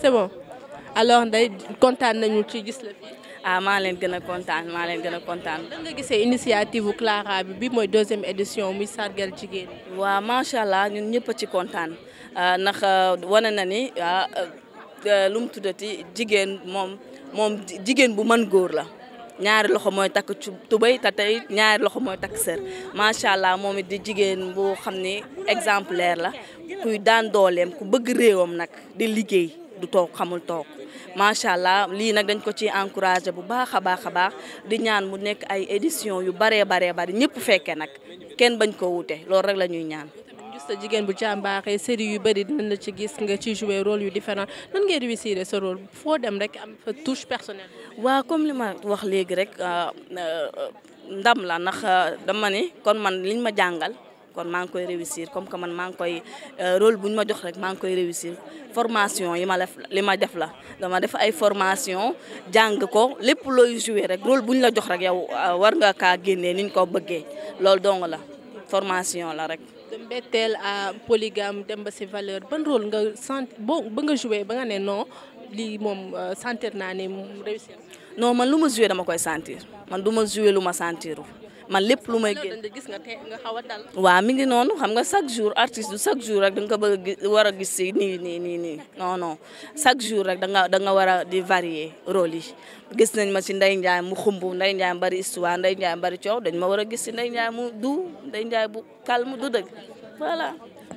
c'est bon alors Ndeye kontaan nañu ci gis la fii. ah maa leen gën a kontaan maa leen gën a kontaan. lan nga gisee initiative bu Clara bi bi mooy deuxième édition muy sargal jigéen ñi. waaw macha allah ñun ñëpp a ci kontaan ah, ndax ah, wane na ni ah, lu mu tuddati jigéen moom moom jigéen bu mën góor la. ñaari loxo mooy takk tubéy te tey ñaari loxo mooy takk sër macha allah moom it di jigéen boo xam ni exemplaire la kuy daan dooleem ku bëgg réewam nag di liggéey. du toog xamul toog macha allah lii nag dañ ko ci encouragé bu baax a baax a baax di ñaan bu nekk ay édition yu baree baree bari ñëpp fekkee nag kenn bañ ko wute loolu rek la ñuy ñaan. sa jigéen bu jàmbaaxee série yu bëri dinañ la ci gis nga ci jouer rôle yu différent nan ngay réussir sa rôle foo dem rek am fa touche personnelle. waaw comme li ma wax léegi rek euh, euh, ndam la ndax euh, dama ni kon man liñ ma jàngal. kon maa ngi koy réussir comme que man maa koy euh, role bu ñu ma jox rek maa koy réussir formation yi ma def li ma def la dama def ay formation jàng ko lépp looy jouer rek rôle bu ñu la jox rek yow euh, war nga kaa génnee ni ñu ko bëggee loolu dong la formation la rek. mbetteel à polygame dem ba si valeur ban rôle nga sant boo ba nga joué ba nga ne noo lii moom euh, sentir naa ni mu réussir. noo man lu ma joué dama koy santir man du ma joué lu ma sentirul man lépp lu may génn gis nga te nga waaw mi ngi noonu xam nga chaque jour artiste du chaque jour rek da ko a war a gis si nii nii nii nii non non chaque jour rek da nga war a di varier rôle yi gis nañ ma si Ndeye Ndiaye mu xumb Ndeye Ndiaye bari histoire Ndeye Ndiaye bari coow dañ ma war a gis si Ndeye Ndiaye mu du Ndeye Ndiaye bu calme du dëgg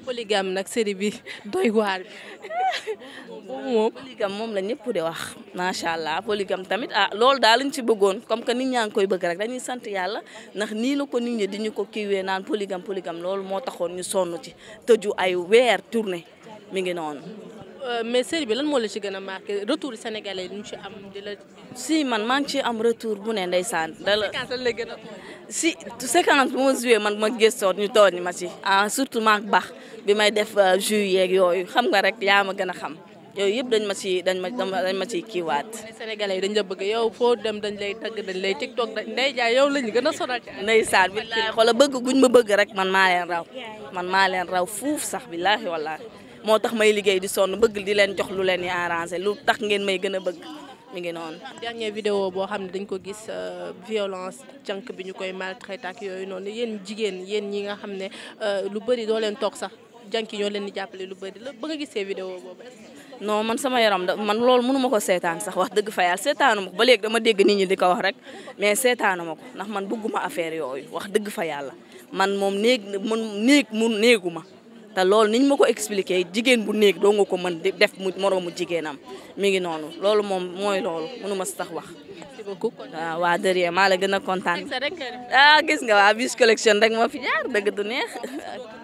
polygame nag séri bi doy waar boobu moom polygame moom la ñëpp di wax macha allah polygame tamit ah loolu daal lañ ci bëggoon comme que nit ñaa ngi koy bëgg rek dañuy sant yàlla ndax nii la ko nit ñi di ñu ko kiiwee naan polygame polygame loolu moo taxoon ñu sonn ci tëju ay weer tournée mi ngi noonu Euh, mais série bi lan moo la ci gën a marqué retour sénégalais yi ñu ci am di la. si man maa ngi ci am retour bu ne ndeysaan. dala si séquence bu ma joué man ma gëstoon ñu tooñ ma si. ah surtout maak baax bi may def euh, ju yooyu xam nga rek yaa ma gën a xam. yooyu yëpp dañ ma si dañ ma dañ ma siy kiiwaat. Sénégalais yi dañ la bëgg yow foo dem dañ lay tagg dañ lay tiktok dañ Ndeye Ndiaye yow lañu gën a sonal. ndeysaan bi xoolal bëgg guñ ma bëgg rek man maa leen raw man maa leen raw fuuf sax billaahi wallaahi moo tax may liggéey di sonn bëgg di leen jox lu leen yi arrangé lu tax ngeen may gën a bëgg mi ngi noonu. dernier vidéo boo xam ne dañ ko gis euh, violence jànk bi ñu koy maltraité ak yooyu noonu yéen jigéen yéen ñi nga xam ne euh, lu bëri doo leen toog sax jànk yi leen di jàppale lu bëri la ba gisee vidéo boobu non man sama yaram da man loolu mënu ko seetaan sax wax dëgg fa yàlla ma ko ba léegi dama dégg nit ñi di ko wax rek mais seetaanu ma ko ndax man bëgguma affaire yooyu wax dëgg fa yàlla man moom néeg mun néeg mun néegu ma te loolu niñ ma ko expliqué jigéen bu néeg doo nga ko man di def mu moroomu jigéenam mi ngi noonu loolu moom mooy loolu mënu ma tax wax waaw waa dërie maa la gën a kontaan ah gis nga waa bis collection rek moo fi jaar dëgg du